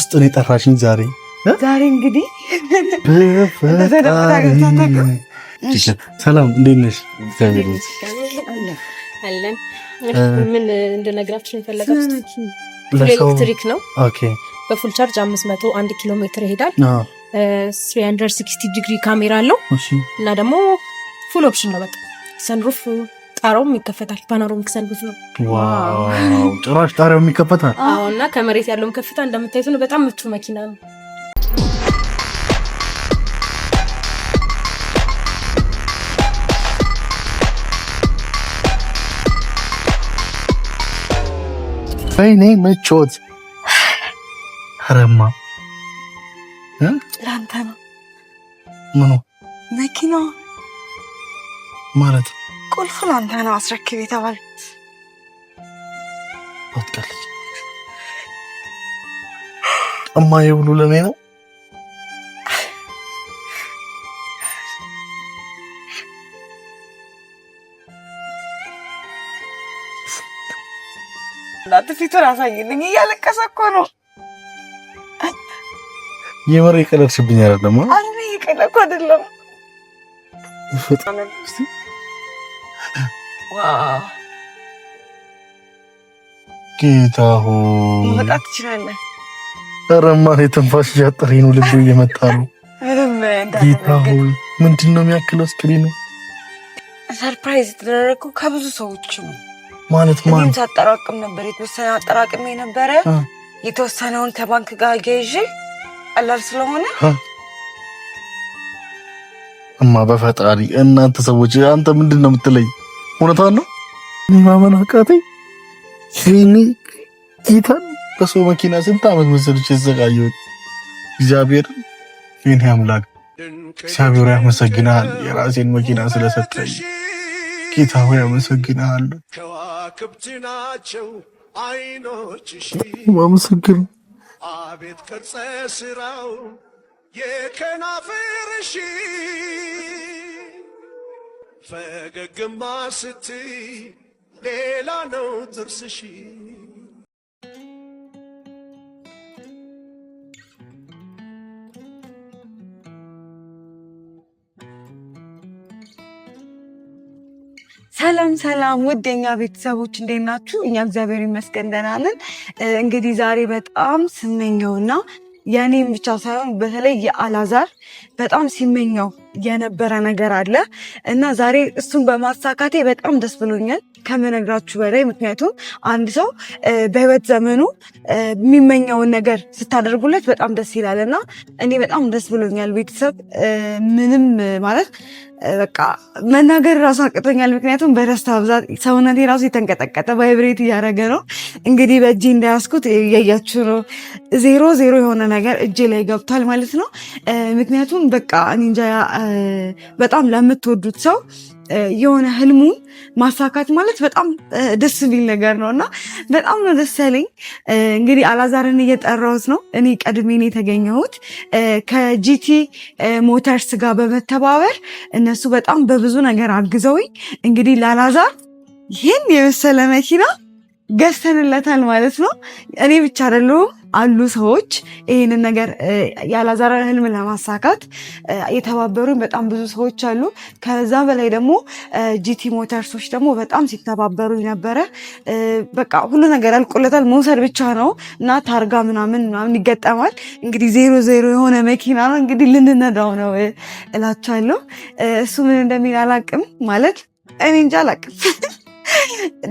ውስጥ ነው የጠራሽኝ ዛሬ ዛሬ እንግዲህ ሰላም፣ እንዴት ነሽ? እግዚአብሔር ይመስገን። ምን እንድነግራችሁ የፈለጋችሁ ኤሌክትሪክ ነው። በፉል ቻርጅ አምስት መቶ አንድ ኪሎ ሜትር ይሄዳል። ስሪ 360 ዲግሪ ካሜራ አለው እና ደግሞ ፉል ኦፕሽን ነው። በቃ ሰንሩፍ ጣራውም ይከፈታል። ባናሮ ሚክሰል ቤት ነው። ጭራሽ ጣሪያውም ይከፈታል። አዎ። እና ከመሬት ያለውም ከፍታ እንደምታዩት ነው። በጣም ምቹ መኪና ነው። ወይኔ ምቾት! ረማ ለአንተ ነው። ምኑ መኪና ማለት ቁልፍ ለአንተ ነው አስረክብ የተባልኩት። ወጥቀል እማ። ይሄ ሁሉ ለእኔ ነው። እናት ፊቱን አሳይልኝ። እያለቀሰ እኮ ነው። የምር የቀለድሽብኝ አይደለም? አረ የቀለድኩ አይደለም። ጌታ ሆይ መውጣት ትችላለህ። ኧረ እማን የትንፋሽ እያጠረኝ ነው፣ ልብ እየመጣ ነው። ጌታ ሆይ ምንድን ነው የሚያክለው ስክሪኑ? ሰርፕራይዝ የተደረገው ከብዙ ሰዎች ነው ማለት ማን ሳጠራቅም ነበር። የተወሰነ አጠራቅሜ ነበረ። የተወሰነውን ከባንክ ጋር ገይዤ ቀላል ስለሆነ እማ በፈጣሪ እናንተ ሰዎች፣ አንተ ምንድን ነው የምትለኝ? እውነቷን ነው። እኔ ማመን አቃተኝ። ይህኒ ጌታን በሰው መኪና ስንት ዓመት መሰለች የተዘጋየሁት። እግዚአብሔር ይህን አምላክ እግዚአብሔር ያመሰግናል፣ የራሴን መኪና ስለሰጠኝ ጌታ ሆይ ያመሰግናል። ማመሰግን አቤት ቅርጸ ስራው የከናፍርሽ ፈገግማ ስትይ ሌላ ነው ጥርስሽ። ሰላም ሰላም፣ ውድ የኛ ቤተሰቦች እንዴት ናችሁ? እኛ እግዚአብሔር ይመስገን ደህና ነን። እንግዲህ ዛሬ በጣም ስመኘውና የእኔም ብቻ ሳይሆን በተለይ የአላዛር በጣም ሲመኘው የነበረ ነገር አለ እና ዛሬ እሱን በማሳካቴ በጣም ደስ ብሎኛል። ከመነግራችሁ በላይ ምክንያቱም አንድ ሰው በህይወት ዘመኑ የሚመኘውን ነገር ስታደርጉለት በጣም ደስ ይላል እና እኔ በጣም ደስ ብሎኛል። ቤተሰብ ምንም ማለት በቃ መናገር ራሱ አቅቶኛል። ምክንያቱም በደስታ ብዛት ሰውነቴ ራሱ የተንቀጠቀጠ ቫይብሬት እያደረገ ነው። እንግዲህ በእጅ እንዳያስኩት እያያችሁ ነው። ዜሮ ዜሮ የሆነ ነገር እጄ ላይ ገብቷል ማለት ነው። ምክንያቱም በቃ እንጃ በጣም ለምትወዱት ሰው የሆነ ህልሙን ማሳካት ማለት በጣም ደስ የሚል ነገር ነው እና በጣም ነው ደስ ያለኝ። እንግዲህ አላዛርን እየጠራሁት ነው። እኔ ቀድሜን የተገኘሁት። ከጂቲ ሞተርስ ጋር በመተባበር እነሱ በጣም በብዙ ነገር አግዘውኝ እንግዲህ ለአላዛር ይህን የመሰለ መኪና ገዝተንለታል ማለት ነው። እኔ ብቻ አይደለሁም አሉ ሰዎች ይህንን ነገር ያላዛርን ህልም ለማሳካት የተባበሩ በጣም ብዙ ሰዎች አሉ። ከዛ በላይ ደግሞ ጂቲ ሞተርሶች ደግሞ በጣም ሲተባበሩ ነበረ። በቃ ሁሉ ነገር አልቆለታል። መውሰድ ብቻ ነው እና ታርጋ ምናምን ምናምን ይገጠማል። እንግዲህ ዜሮ ዜሮ የሆነ መኪና ነው እንግዲህ ልንነዳው ነው እላቸዋለሁ። እሱ ምን እንደሚል አላቅም ማለት እኔ እንጃ አላቅም።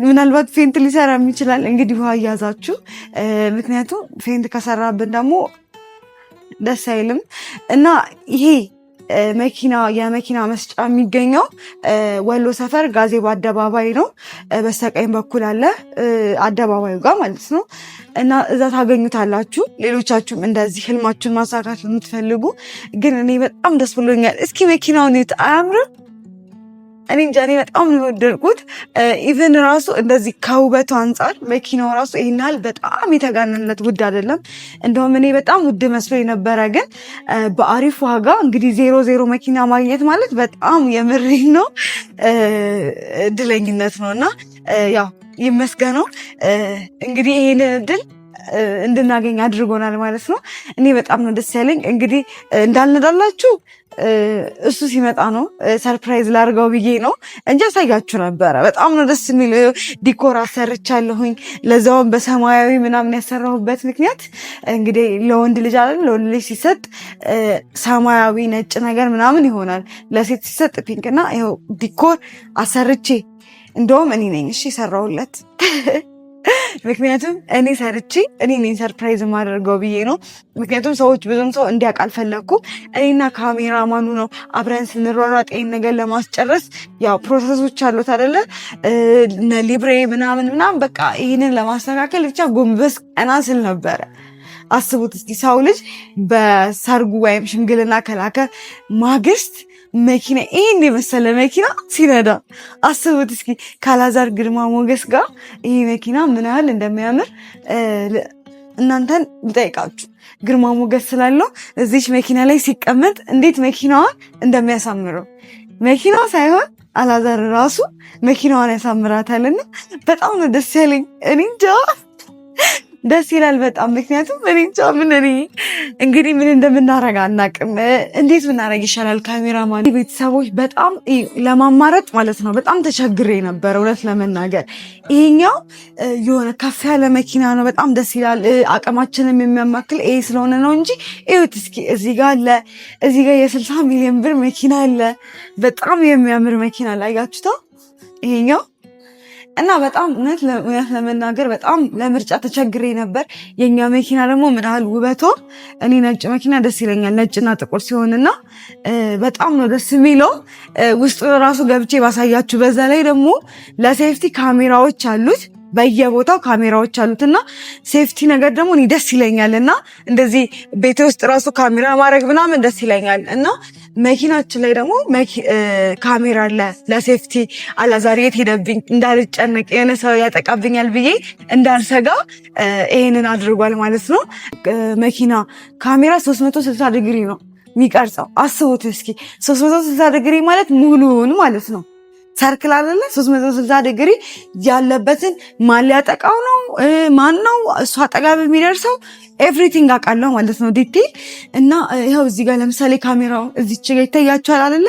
ምናልባት ፌንት ሊሰራም ይችላል። እንግዲህ ውሃ እያዛችሁ ምክንያቱም ፌንት ከሰራብን ደግሞ ደስ አይልም እና ይሄ መኪና የመኪና መስጫ የሚገኘው ወሎ ሰፈር ጋዜ አደባባይ ነው። በስተቀኝ በኩል አለ አደባባዩ ጋር ማለት ነው እና እዛ ታገኙታላችሁ። ሌሎቻችሁም እንደዚህ ህልማችሁን ማሳካት የምትፈልጉ ግን እኔ በጣም ደስ ብሎኛል። እስኪ መኪናውን አያምርም? እኔ እንጃ እኔ በጣም የወደድኩት። ኢቨን ራሱ እንደዚህ ከውበቱ አንጻር መኪናው ራሱ ይሄን ያህል በጣም የተጋነነት ውድ አይደለም። እንደውም እኔ በጣም ውድ መስሎ የነበረ ግን በአሪፍ ዋጋ እንግዲህ ዜሮ ዜሮ መኪና ማግኘት ማለት በጣም የምሬን ነው እድለኝነት ነው እና ያው ይመስገነው እንግዲህ ይህንን እድል እንድናገኝ አድርጎናል ማለት ነው። እኔ በጣም ነው ደስ ያለኝ። እንግዲህ እንዳልነዳላችሁ እሱ ሲመጣ ነው ሰርፕራይዝ ላድርገው ብዬ ነው እንጂ አሳያችሁ ነበረ። በጣም ነው ደስ የሚል ዲኮር አሰርቻለሁኝ። ለዛውም በሰማያዊ ምናምን ያሰራሁበት ምክንያት እንግዲህ ለወንድ ልጅ አለ ለወንድ ልጅ ሲሰጥ ሰማያዊ ነጭ ነገር ምናምን ይሆናል። ለሴት ሲሰጥ ፒንክና ይኸው ዲኮር አሰርቼ እንደውም እኔ ነኝ እሺ የሰራሁለት ምክንያቱም እኔ ሰርቼ እኔ እኔ ሰርፕራይዝ ማደርገው ብዬ ነው። ምክንያቱም ሰዎች ብዙም ሰው እንዲያውቅ አልፈለግኩም። እኔና ካሜራማኑ ነው አብረን ስንሯሯጥ ይሄን ነገር ለማስጨረስ ያው ፕሮሰሶች አሉት አደለ እነ ሊብሬ ምናምን ምናምን በቃ ይህንን ለማስተካከል ብቻ ጎንበስ ቀና ስል ነበረ። አስቡት እስኪ ሰው ልጅ በሰርጉ ወይም ሽምግልና ከላከ ማግስት መኪና ይህን የመሰለ መኪና ሲነዳ አስቡት እስኪ ካላዛር ግርማ ሞገስ ጋር ይሄ መኪና ምን ያህል እንደሚያምር እናንተን ልጠይቃችሁ። ግርማ ሞገስ ስላለው እዚች መኪና ላይ ሲቀመጥ እንዴት መኪናዋን እንደሚያሳምረው መኪናው ሳይሆን አላዛር ራሱ መኪናዋን ያሳምራታልና በጣም ነው ደስ ያለኝ። እኔ እንጃ ደስ ይላል በጣም ምክንያቱም እኔ እንጃ ምን እኔ እንግዲህ ምን እንደምናረግ አናቅም። እንዴት ምናረግ ይሻላል? ካሜራማን ቤተሰቦች በጣም ለማማረጥ ማለት ነው በጣም ተቸግሬ ነበር እውነት ለመናገር። ይሄኛው የሆነ ከፍ ያለ መኪና ነው፣ በጣም ደስ ይላል። አቅማችንም የሚያማክል ይሄ ስለሆነ ነው እንጂ ይሁት እስኪ እዚህ ጋ አለ፣ እዚህ ጋ የስልሳ ሚሊዮን ብር መኪና አለ። በጣም የሚያምር መኪና ላይ ያችሁታ ይሄኛው እና በጣም እውነት እውነት ለመናገር በጣም ለምርጫ ተቸግሬ ነበር። የኛ መኪና ደግሞ ምናል ውበቶ እኔ ነጭ መኪና ደስ ይለኛል፣ ነጭና ጥቁር ሲሆንና በጣም ነው ደስ የሚለው። ውስጡ ራሱ ገብቼ ባሳያችሁ። በዛ ላይ ደግሞ ለሴፍቲ ካሜራዎች አሉት በየቦታው ካሜራዎች አሉት እና ሴፍቲ ነገር ደግሞ እኔ ደስ ይለኛል እና እንደዚህ ቤት ውስጥ ራሱ ካሜራ ማድረግ ምናምን ደስ ይለኛል እና መኪናችን ላይ ደግሞ ካሜራ አለ ለሴፍቲ አላዛር የት ሄደብኝ እንዳልጨነቅ የሆነ ሰው ያጠቃብኛል ብዬ እንዳልሰጋ ይሄንን አድርጓል ማለት ነው። መኪና ካሜራ 360 ዲግሪ ነው የሚቀርጸው። አስቡት እስኪ 360 ዲግሪ ማለት ሙሉውን ማለት ነው። ሰርክል አለ ሶስት መቶ ስልሳ ዲግሪ ያለበትን ማን ሊያጠቃው ነው ማን ነው እሱ አጠገብ የሚደርሰው ኤቭሪቲንግ አውቃለሁ ማለት ነው ዲቴል እና ይኸው እዚህ ጋር ለምሳሌ ካሜራው እዚች ጋ ይታያችኋል አለ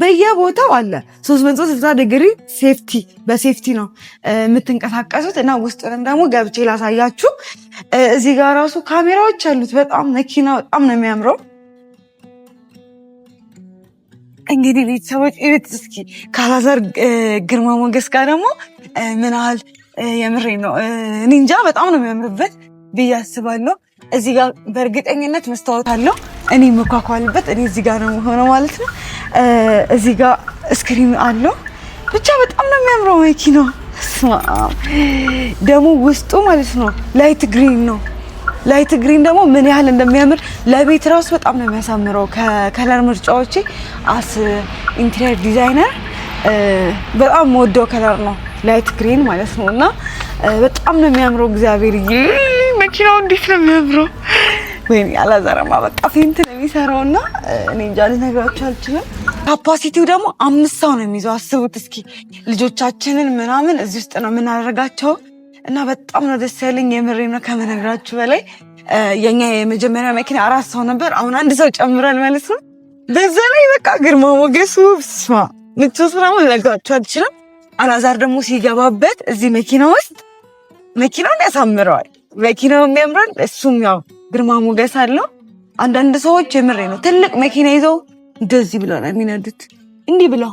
በየቦታው አለ ሶስት መቶ ስልሳ ዲግሪ ሴፍቲ በሴፍቲ ነው የምትንቀሳቀሱት እና ውስጥንም ደግሞ ገብቼ ላሳያችሁ እዚህ ጋር ራሱ ካሜራዎች አሉት በጣም መኪና በጣም ነው የሚያምረው እንግዲህ ቤተሰቦች እዩት እስኪ ካላዛር ግርማ ሞገስ ጋር ደግሞ ምን ያህል የምሬ ነው። እኔ እንጃ በጣም ነው የሚያምርበት ብዬ አስባለሁ። እዚህ ጋር በእርግጠኝነት መስታወት አለው። እኔ የምኳኳልበት እኔ እዚህ ጋር ነው የሆነው ማለት ነው። እዚህ ጋር ስክሪን አለው። ብቻ በጣም ነው የሚያምረው መኪናው። ደግሞ ውስጡ ማለት ነው ላይት ግሪን ነው ላይት ግሪን ደግሞ ምን ያህል እንደሚያምር ለቤት ራሱ በጣም ነው የሚያሳምረው። ከከለር ምርጫዎቼ አስ ኢንቴሪየር ዲዛይነር በጣም ወደው ከለር ነው ላይት ግሪን ማለት ነው። እና በጣም ነው የሚያምረው። እግዚአብሔር ይ መኪናው እንዴት ነው የሚያምረው! ወይኔ አላዛረማ በቃ ፌንት ነው የሚሰራው። እና እኔ እንጃ ልነግራችሁ አልችልም። ካፓሲቲው ደግሞ አምስት ሰው ነው የሚይዘው። አስቡት እስኪ ልጆቻችንን ምናምን እዚህ ውስጥ ነው የምናደርጋቸው። እና በጣም ነው ደስ ያለኝ። የምሬ ነው ከመነግራችሁ በላይ የኛ የመጀመሪያ መኪና አራት ሰው ነበር። አሁን አንድ ሰው ጨምሯል ማለት ነው። በዛ ላይ በቃ ግርማ ሞገሱ ስማ ምቾት ምናምን ልነግራችሁ አልችልም። አላዛር ደግሞ ሲገባበት እዚህ መኪና ውስጥ መኪናውን ያሳምረዋል። መኪናውም ያምራል። እሱም ያው ግርማ ሞገስ አለው። አንዳንድ ሰዎች የምሬ ነው ትልቅ መኪና ይዘው እንደዚህ ብለው ነው የሚነዱት፣ እንዲህ ብለው።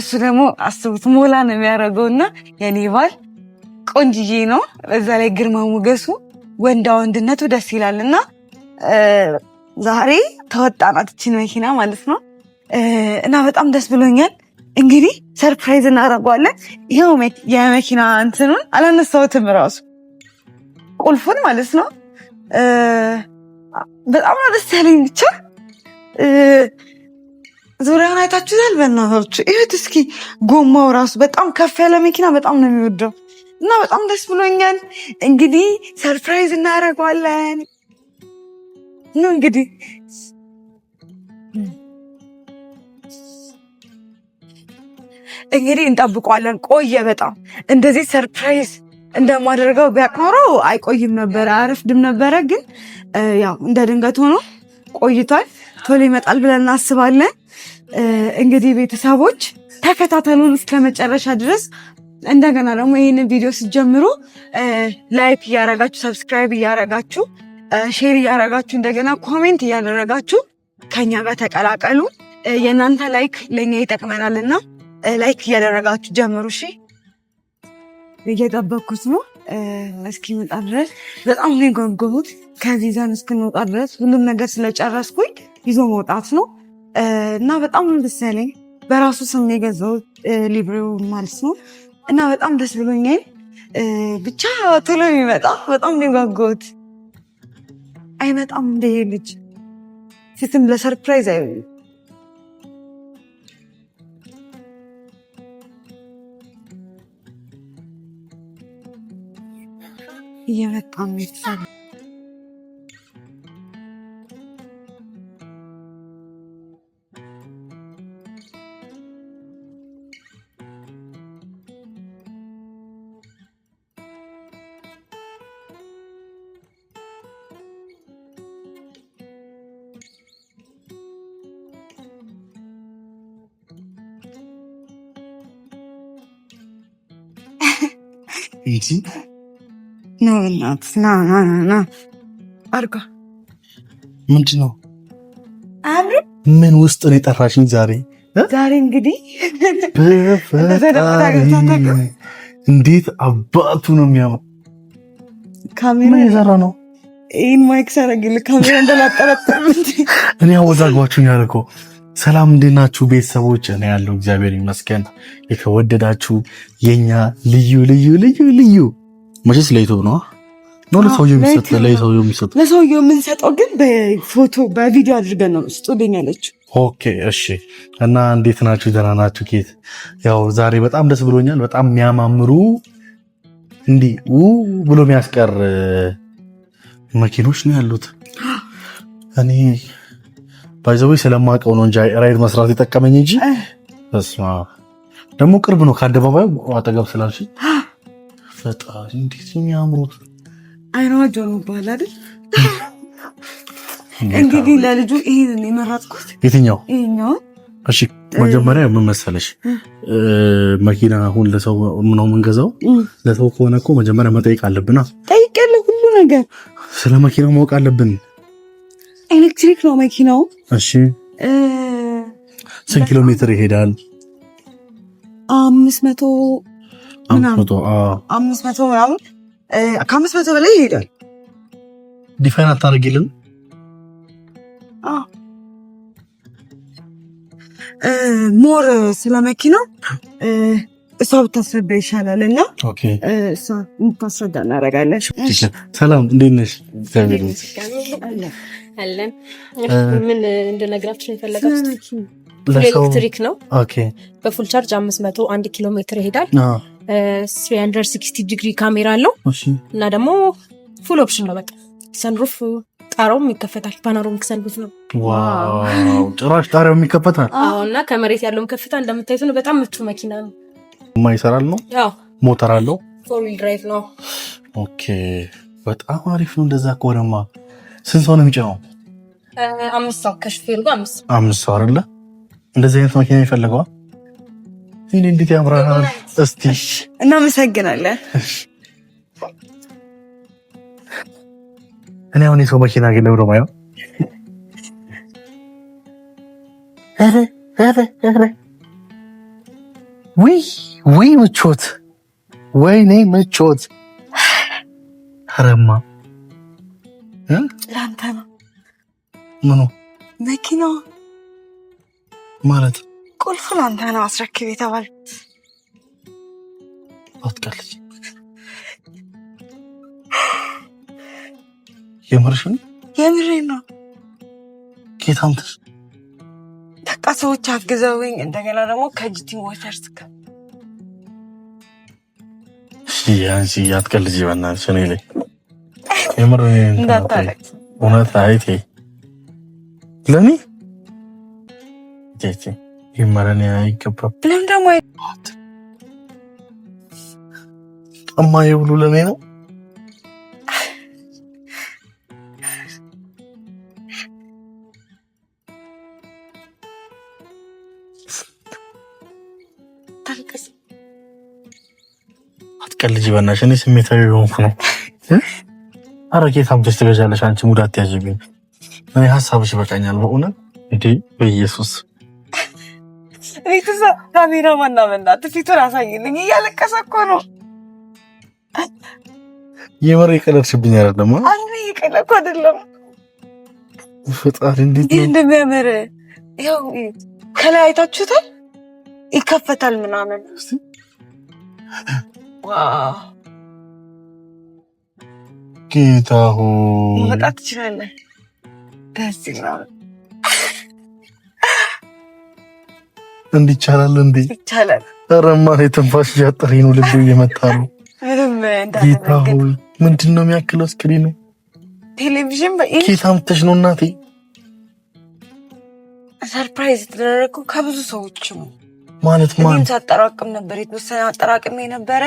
እሱ ደግሞ አስቡት ሞላ ነው እና የኔ ባል ቆንጅዬ ነው። በዛ ላይ ግርማ ሞገሱ ወንዳ ወንድነቱ ደስ ይላል እና ዛሬ ተወጣናት እችን መኪና ማለት ነው እና በጣም ደስ ብሎኛል። እንግዲህ ሰርፕራይዝ እናደርገዋለን። ይኸው የመኪና እንትኑን አላነሳሁትም ራሱ ቁልፉን ማለት ነው። በጣም ነው ደስ ያለኝ። ብቻ ዙሪያውን አይታችሁታል። በእናታችሁ ይሁት እስኪ ጎማው ራሱ በጣም ከፍ ያለ መኪና በጣም ነው የሚወደው እና በጣም ደስ ብሎኛል። እንግዲህ ሰርፕራይዝ እናደርገዋለን። እንግዲህ እንግዲህ እንጠብቀዋለን። ቆየ በጣም እንደዚህ ሰርፕራይዝ እንደማደርገው ቢያኖረው አይቆይም ነበረ፣ አረፍድም ነበረ። ግን ያው እንደ ድንገት ሆኖ ቆይቷል። ቶሎ ይመጣል ብለን እናስባለን። እንግዲህ ቤተሰቦች ተከታተሉን እስከ መጨረሻ ድረስ እንደገና ደግሞ ይህንን ቪዲዮ ስትጀምሩ ላይክ እያረጋችሁ ሰብስክራይብ እያረጋችሁ ሼር እያረጋችሁ እንደገና ኮሜንት እያደረጋችሁ ከኛ ጋር ተቀላቀሉ። የእናንተ ላይክ ለእኛ ይጠቅመናል እና ላይክ እያደረጋችሁ ጀምሩ። እሺ፣ እየጠበኩት ነው እስኪመጣ ድረስ በጣም ነው የጓጓሁት። ከዚህ ዘን እስክንወጣ ድረስ ሁሉም ነገር ስለጨረስኩኝ ይዞ መውጣት ነው እና በጣም ደስ ያለኝ በራሱ ስም የገዛሁት ሊብሬው ማለት ነው እና በጣም ደስ ብሎኛል። ብቻ ቶሎ የሚመጣ በጣም ነው አይመጣም እንደ ልጅ ፊትም ለሰርፕራይዝ አይ እየመጣ ነው እንጂ ና ና ና ና አርጋ ነው ምን ውስጥ ነው የጠራሽኝ ዛሬ? ዛሬ እንግዲህ በፈጣሪ እንዴት አባቱ ነው የሚያምር ካሜራ የሰራ ነው። ይህን ማይክ ሰረግል ካሜራ እኔ ሰላም እንዴት ናችሁ ቤተሰቦች? እኔ ያለው እግዚአብሔር ይመስገን። የተወደዳችሁ የኛ ልዩ ልዩ ልዩ ልዩ መቼስ ለዩቱብ ነው ነው ለሰውየው የምንሰጠው ግን በፎቶ በቪዲዮ አድርገን ነው ስጡልኝ ያለችው። ኦኬ እሺ። እና እንዴት ናችሁ? ደህና ናችሁ? ኬት ያው ዛሬ በጣም ደስ ብሎኛል። በጣም የሚያማምሩ እንዲህ ው ብሎ የሚያስቀር መኪኖች ነው ያሉት እኔ ባይዘዊ ስለማውቀው ነው እንጂ ራይድ መስራት የጠቀመኝ እንጂ ደግሞ ቅርብ ነው ከአደባባዩ አጠገብ ስላልሽ ፈጣሪ እንዴት የሚያምሩት አይኗ ጆሮ ባል አይደል እንግዲህ ለልጁ ይህን የመረጥኩት የትኛው ይሄኛው እሺ መጀመሪያ ምን መሰለሽ መኪና አሁን ለሰው ነው የምንገዛው ለሰው ከሆነ እኮ መጀመሪያ መጠየቅ አለብና ጠይቀለ ሁሉ ነገር ስለ መኪናው ማወቅ አለብን ኤሌክትሪክ ነው መኪናው እሺ ስንት ኪሎ ሜትር ይሄዳል? አምስት መቶ አምስት መቶ ምናምን ከአምስት መቶ በላይ ይሄዳል። ዲፋይን አታደርጊልን። ሞር ስለ መኪና እሷ ብታስረዳ ይሻላል እና እሷ እንድታስረዳ እናደርጋለን። ሰላም እንዴት ነሽ? አለን። ምን እንደነግራችሁ የፈለጋችሁ ኤሌክትሪክ ነው። በፉል ቻርጅ አምስት መቶ አንድ ኪሎ ሜትር ይሄዳል። ስሪ ሀንድረድ ሲክስቲ ዲግሪ ካሜራ አለው እና ደግሞ ፉል ኦፕሽን ነው። በቃ ሰንሩፍ ጣራውም ይከፈታል። ፓናሮሚክ ሰንሩፍ ነው። ጭራሽ ጣሪያውም ይከፈታል። እና ከመሬት ያለውም ከፍታ እንደምታዩት ነው። በጣም ምቹ መኪና ነው። የማይሰራል ነው። ሞተር አለው። ፎር ዊል ድራይቭ ነው። ኦኬ፣ በጣም አሪፍ ነው። እንደዛ ከሆነማ ስንት ሰው ነው የሚጭነው? አምስት ሰው አይደለ? እንደዚህ አይነት መኪና ይፈልገዋል። እንት እንዴት ያምራል! እስቲ እናመሰግናለን። እኔ አሁን የሰው መኪና ግን ብሎ ማየው። ውይ ውይ ምቾት! ወይኔ ምቾት! ለአንተ ነው። ምኑ መኪናዋ ማለት ቁልፉ ለአንተ ነው አስረክብ የተባልኩት። አትቀልጅ። የምርሽን? የምሬን ነው። ጌታ አምጥሽ በቃ ሰዎች አግዘውኝ እንደገና ደግሞ ከጂቲ ሞተርስ እሺ፣ አንቺ አትቀልጂ በእናትሽ እኔ ላይ የምር እውነት አይቴ ለኔ ቼቼ ይመረን አይገባም። ለምን ደግሞ እማዬ ብሎ ለኔ ነው አትቀልጂ፣ በእናትሽ እኔ ስሜታዊ ሆንኩ ነው። ኧረ ታምቶች አምጥተሽ ትገዣለሽ? አንቺ ሙዳት አትያዥብኝ። እኔ ሀሳብሽ ይበቃኛል። በእውነት እንዴ! በኢየሱስ ቤተሰብ ካሜራ ማና መናት ፊቱን አሳይልኝ። እያለቀሰ እኮ ነው። የምር የቀለድሽብኝ አይደለም? አንዴ የቀለድኩ አይደለም። ፈጣሪ እንዴት ነው እንደሚያምር ያው ከላይ አይታችሁታል። ይከፈታል ምናምን ጌታ ሆ መውጣት ትችላለህ። ደስ ይላል። እንዲህ ይቻላል እንዴ? ይቻላል። ረማ የትንፋሽ እያጠሬ ነው፣ ልብ እየመታ ነው። ጌታ ሆ ምንድን ነው የሚያክለው ስክሪኑ? ቴሌቪዥን ኬታ ምተሽ ነው እናቴ። ሰርፕራይዝ የተደረገው ከብዙ ሰዎች ማለት ማለት ሳጠራቅም ነበር የተወሰነ አጠራቅም ነበረ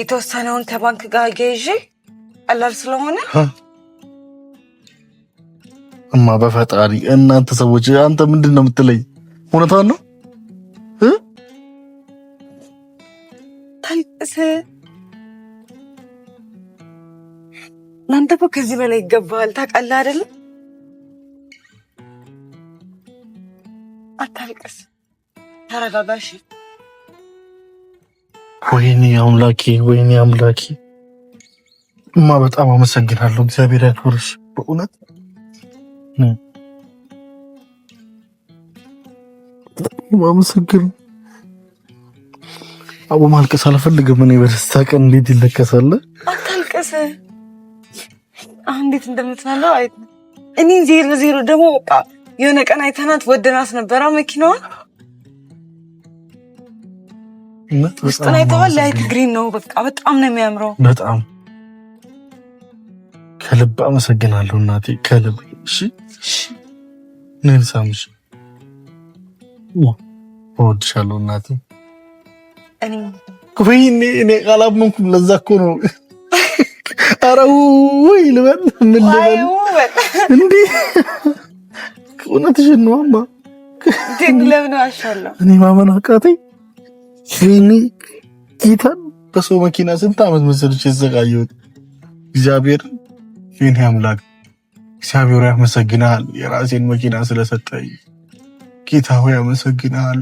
የተወሰነውን ከባንክ ጋር ገዥ ቀላል ስለሆነ እማ በፈጣሪ እናንተ ሰዎች፣ አንተ ምንድን ነው የምትለኝ? እውነቷን ነው። ታልቅስ እናንተ እኮ ከዚህ በላይ ይገባሃል። ታውቃለህ አይደለም? አታልቅስ፣ ተረጋጋሽ። ወይኔ አምላኬ፣ ወይኔ አምላኬ እማ በጣም አመሰግናለሁ። እግዚአብሔር ያክብርሽ በእውነት ማመሰግን አቡ ማልቀስ አልፈልግም። እኔ በደስታ ቀን እንዴት ይለቀሳል? አታልቀስ። አሁን እንዴት እንደምትናለው አይ እኔ ዜሮ ዜሮ ደግሞ በቃ የሆነ ቀን አይተናት ወደናት ነበራ መኪናዋን ውስጥን አይተዋል። ላይት ግሪን ነው በቃ በጣም ነው የሚያምረው በጣም ከልብ አመሰግናለሁ እናቴ፣ ከልብ እሺ። ምን ሳምሽ እወድሻለሁ እናቴ። ወይ እኔ እኔ አላመንኩም። ለዛ እኮ ነው ኧረ ወይ ልበል ምን ልበል እንዴ? እውነትሽን ነው አማ እኔ ማመን አቃተኝ። ወይኔ ጌታን በሰው መኪና ስንት ዓመት መሰለች የተዘጋየሁት እግዚአብሔርን የኔ አምላክ እግዚአብሔር ያመሰግናል። የራሴን መኪና ስለሰጠኝ ጌታ ሆይ ያመሰግናል።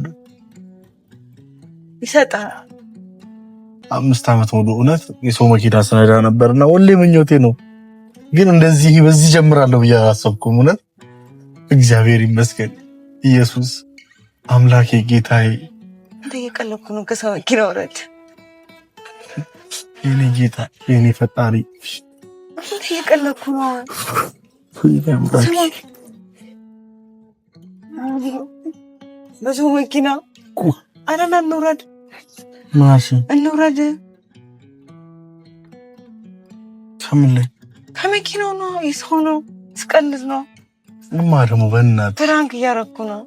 ይሰጣል። አምስት ዓመት ሙሉ እውነት የሰው መኪና ስነዳ ነበርና ሁሌ ምኞቴ ነው፣ ግን እንደዚህ በዚህ ጀምራለሁ ብዬ አላሰብኩም። እውነት እግዚአብሔር ይመስገን። ኢየሱስ አምላኬ ጌታዬ፣ እየቀለኩ ነው ከሰው መኪና ወረድ። የኔ ጌታ የኔ ፈጣሪ እየቀለኩ ነው። በሰው መኪና አረና እንውረድ፣ እንውረድ ከምን ላይ ከመኪናው ነው? የሰው ነው። ስቀልድ ነው። ምማ ደግሞ በእናትህ ፍራንክ እያረኩ ነው።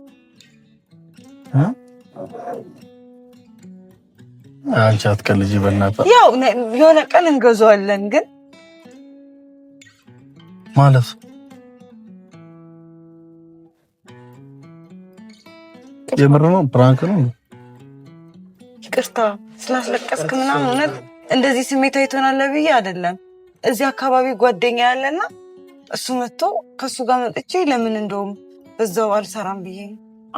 አንቺ አትቀልጂ በእናትህ። ያው የሆነ ቀን እንገዛዋለን ግን ማለፍ የምር ነው። ፕራንክ ነው። ይቅርታ ስላስለቀስክ ምናምን። እውነት እንደዚህ ስሜታዊ ትሆናለህ ብዬ አይደለም። እዚህ አካባቢ ጓደኛ ያለና እሱ መጥቶ ከእሱ ጋር መጥቼ ለምን እንደውም በዛው አልሰራም ብዬ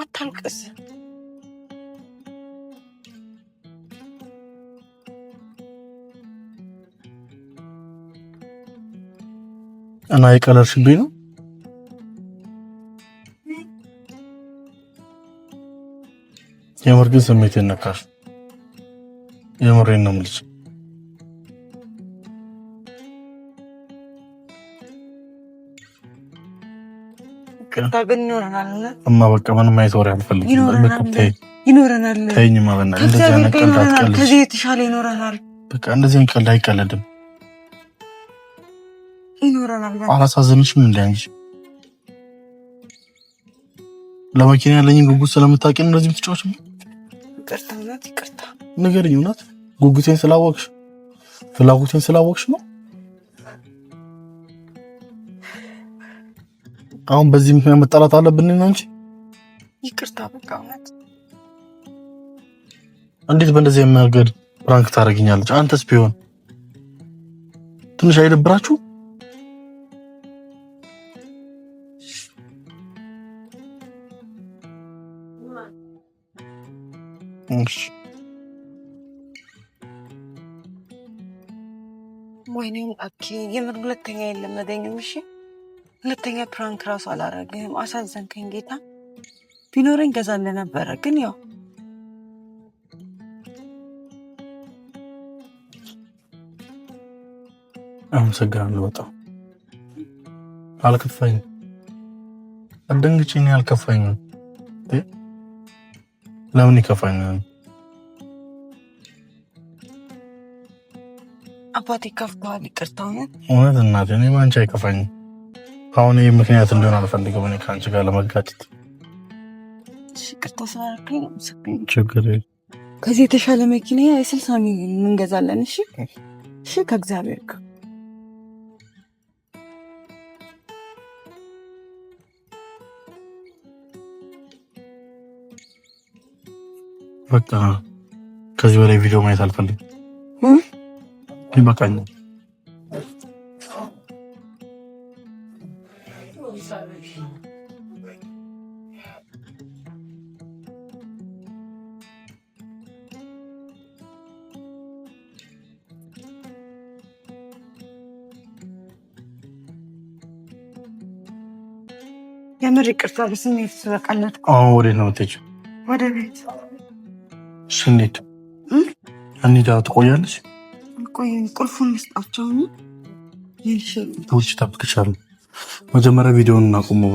አታልቅስ። እና የቀለድሽብኝ ነው። የምር ግን ስሜቴን ነካሽ። የምሬን ነው የምልሽ። እማ በቃ ምንም አይነት ወሬ አልፈልግም። ይኖረናል። ተይኝማ በእናትሽ። ከዚህ የተሻለ ይኖረናል። በቃ እንደዚህ ቀልድ አይቀለድም። አላሳዘንሽም? እንዳንሽ ለመኪና ያለኝን ጉጉት ስለምታውቂ ነው እንደዚህ የምትጫወች? ይቅርታ እውነት ይቅርታ። ንገሪኝ እውነት ጉጉቴን ስላወቅሽ ፍላጎቴን ስላወቅሽ ነው። አሁን በዚህ ምክንያት መጣላት አለብን ነው እንጂ። ይቅርታ በቃ እውነት። እንዴት በእንደዚህ የመንገድ ፕራንክ ታደርግኛለች? አንተስ ቢሆን ትንሽ አይደብራችሁ? እሺ ወይኔም አኬ የምር ሁለተኛ የለመደኝም። እሺ ሁለተኛ ፕራንክ ራሱ አላረግም አሳዘንከኝ ጌታ። ቢኖረኝ ገዛለ ነበረ፣ ግን ያው አመሰግናለሁ። በጣም አልከፋኝም። አትደንግጪ፣ አልከፋኝም። ለምን ይከፋኛል? አባቴ ከፍተዋል። ይቅርታውን እውነት እናቴ፣ እኔ በአንቺ አይከፋኝም። አሁን ይህ ምክንያት እንዲሆን አልፈልግም። እኔ ከአንቺ ጋር ለመጋጨት ችግር ከዚህ የተሻለ መኪና የስልሳ እንገዛለን። እሺ፣ እሺ፣ ከእግዚአብሔር ጋር በቃ ከዚህ በላይ ቪዲዮ ማየት አልፈልግም። ይበቃኛል። የምር ይቅርታ፣ በስሜት ትበቃለት። አሁን ወዴት ነው የምትሄጂው? ወደ ቤት እንዴት እንሂዳ ትቆያለች? ቁልፉን ስጣቸው። ውጭ ጠብቅሻለሁ። መጀመሪያ ቪዲዮውን እናቁመው።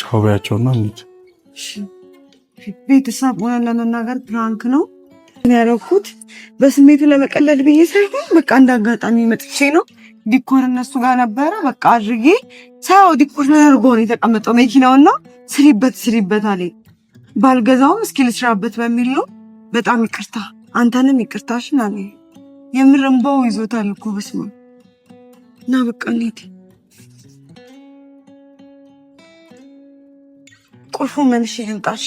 ቻውቢያቸውና እንዴት ቤተሰብ ሆነን ለመናገር ፕራንክ ነው ያደረኩት በስሜቱ ለመቀለል ብዬ ሳይሆን በቃ አጋጣሚ መጥቼ ነው። ዲኮር እነሱ ጋር ነበረ በቃ አድርጌ ሳያው ዲኮር ተደርጎ ነው የተቀመጠው መኪናውና ስሪበት ስሪበት አለኝ ባልገዛውም እስኪ ልስራበት በሚል ነው። በጣም ይቅርታ፣ አንተንም ይቅርታ። ሽና የምር እንባው ይዞታል እኮ በስመ አብ። እና በቃ እንሂድ። ቁልፉ መልሽ ልምጣሽ